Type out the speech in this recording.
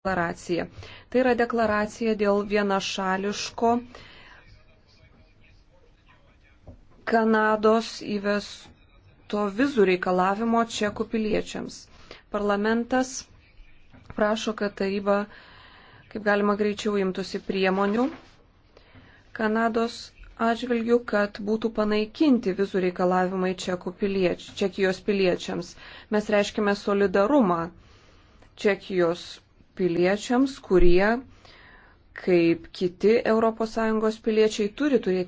deklaracija. Tai yra deklaracija dėl vienašališko Kanados įvesto vizų reikalavimo čekų piliečiams. Parlamentas prašo, kad taryba kaip galima greičiau imtųsi priemonių Kanados atžvilgių, kad būtų panaikinti vizų reikalavimai pilieč, Čekijos piliečiams. Mes reiškime solidarumą Čekijos piliečiams, kurie, kaip kiti ES piliečiai, turi turėti